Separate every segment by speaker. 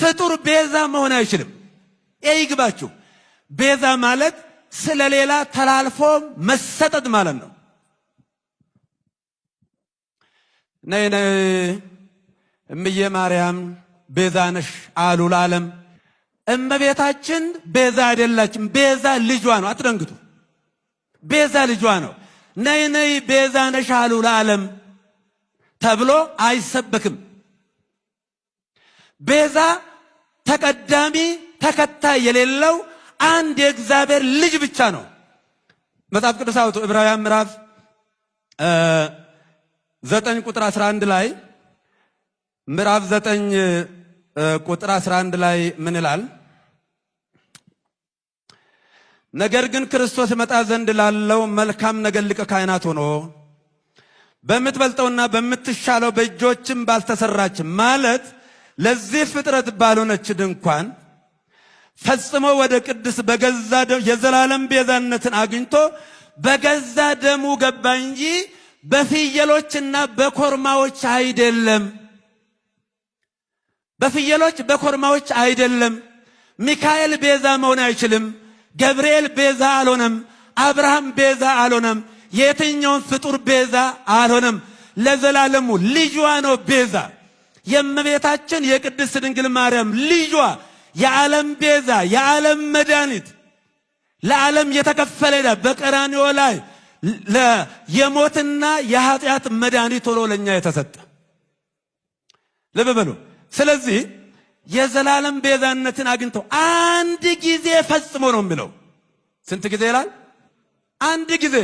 Speaker 1: ፍጡር ቤዛ መሆን አይችልም። ይህ ይግባችሁ። ቤዛ ማለት ስለሌላ ተላልፎ መሰጠት ማለት ነው። ነይ ነይ እምዬ ማርያም ቤዛ ነሽ አሉ ለዓለም። እመቤታችን ቤዛ አይደላችም። ቤዛ ልጇ ነው። አትደንግቱ። ቤዛ ልጇ ነው። ነይ ነይ ቤዛ ነሽ አሉ ለዓለም ተብሎ አይሰበክም። ቤዛ ተቀዳሚ ተከታይ የሌለው አንድ የእግዚአብሔር ልጅ ብቻ ነው። መጽሐፍ ቅዱስ አውቶ ዕብራውያን ምዕራፍ ዘጠኝ ቁጥር 11 ላይ ምዕራፍ ዘጠኝ ቁጥር 11 ላይ ምን ይላል? ነገር ግን ክርስቶስ መጣ ዘንድ ላለው መልካም ነገር ሊቀ ካህናት ሆኖ በምትበልጠውና በምትሻለው በእጆችም ባልተሰራች ማለት ለዚህ ፍጥረት ባልሆነች ድንኳን ፈጽሞ ወደ ቅድስ በገዛ የዘላለም ቤዛነትን አግኝቶ በገዛ ደሙ ገባ እንጂ በፍየሎችና በኮርማዎች አይደለም። በፍየሎች በኮርማዎች አይደለም። ሚካኤል ቤዛ መሆን አይችልም። ገብርኤል ቤዛ አልሆነም። አብርሃም ቤዛ አልሆነም። የትኛውን ፍጡር ቤዛ አልሆነም። ለዘላለሙ ልጇ ነው ቤዛ የእመቤታችን የቅድስት ድንግል ማርያም ልጇ የዓለም ቤዛ የዓለም መድኃኒት ለዓለም የተከፈለ ዕዳ በቀራንዮ ላይ የሞትና የኃጢአት መድኃኒት ሆኖ ለእኛ የተሰጠ ልብ በሉ። ስለዚህ የዘላለም ቤዛነትን አግኝተው አንድ ጊዜ ፈጽሞ ነው የሚለው። ስንት ጊዜ ይላል? አንድ ጊዜ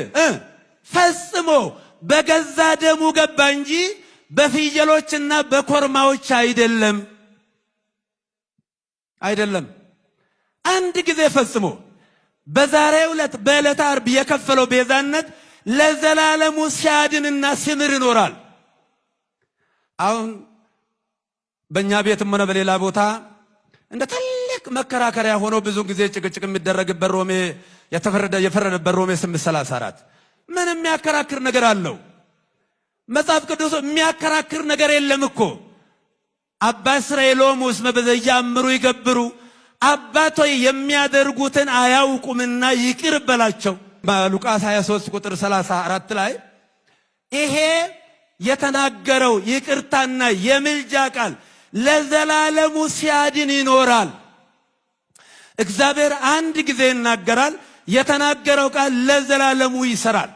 Speaker 1: ፈጽሞ በገዛ ደሙ ገባ እንጂ በፍየሎችና በኮርማዎች አይደለም አይደለም። አንድ ጊዜ ፈጽሞ በዛሬው ዕለት በዕለተ አርብ የከፈለው ቤዛነት ለዘላለሙ ሲያድንና ሲምር ይኖራል። አሁን በእኛ ቤትም ሆነ በሌላ ቦታ እንደ ትልቅ መከራከሪያ ሆኖ ብዙ ጊዜ ጭቅጭቅ የሚደረግበት ሮሜ የፈረደበት ሮሜ 8፥34 ምን የሚያከራክር ነገር አለው? መጽሐፍ ቅዱስ የሚያከራክር ነገር የለም እኮ አባ እስራኤሎም ውስመ በዘያአምሩ ይገብሩ አባቶ የሚያደርጉትን አያውቁምና ይቅር በላቸው። በሉቃስ 23 ቁጥር 34 ላይ ይሄ የተናገረው ይቅርታና የምልጃ ቃል ለዘላለሙ ሲያድን ይኖራል። እግዚአብሔር አንድ ጊዜ ይናገራል። የተናገረው ቃል ለዘላለሙ ይሰራል።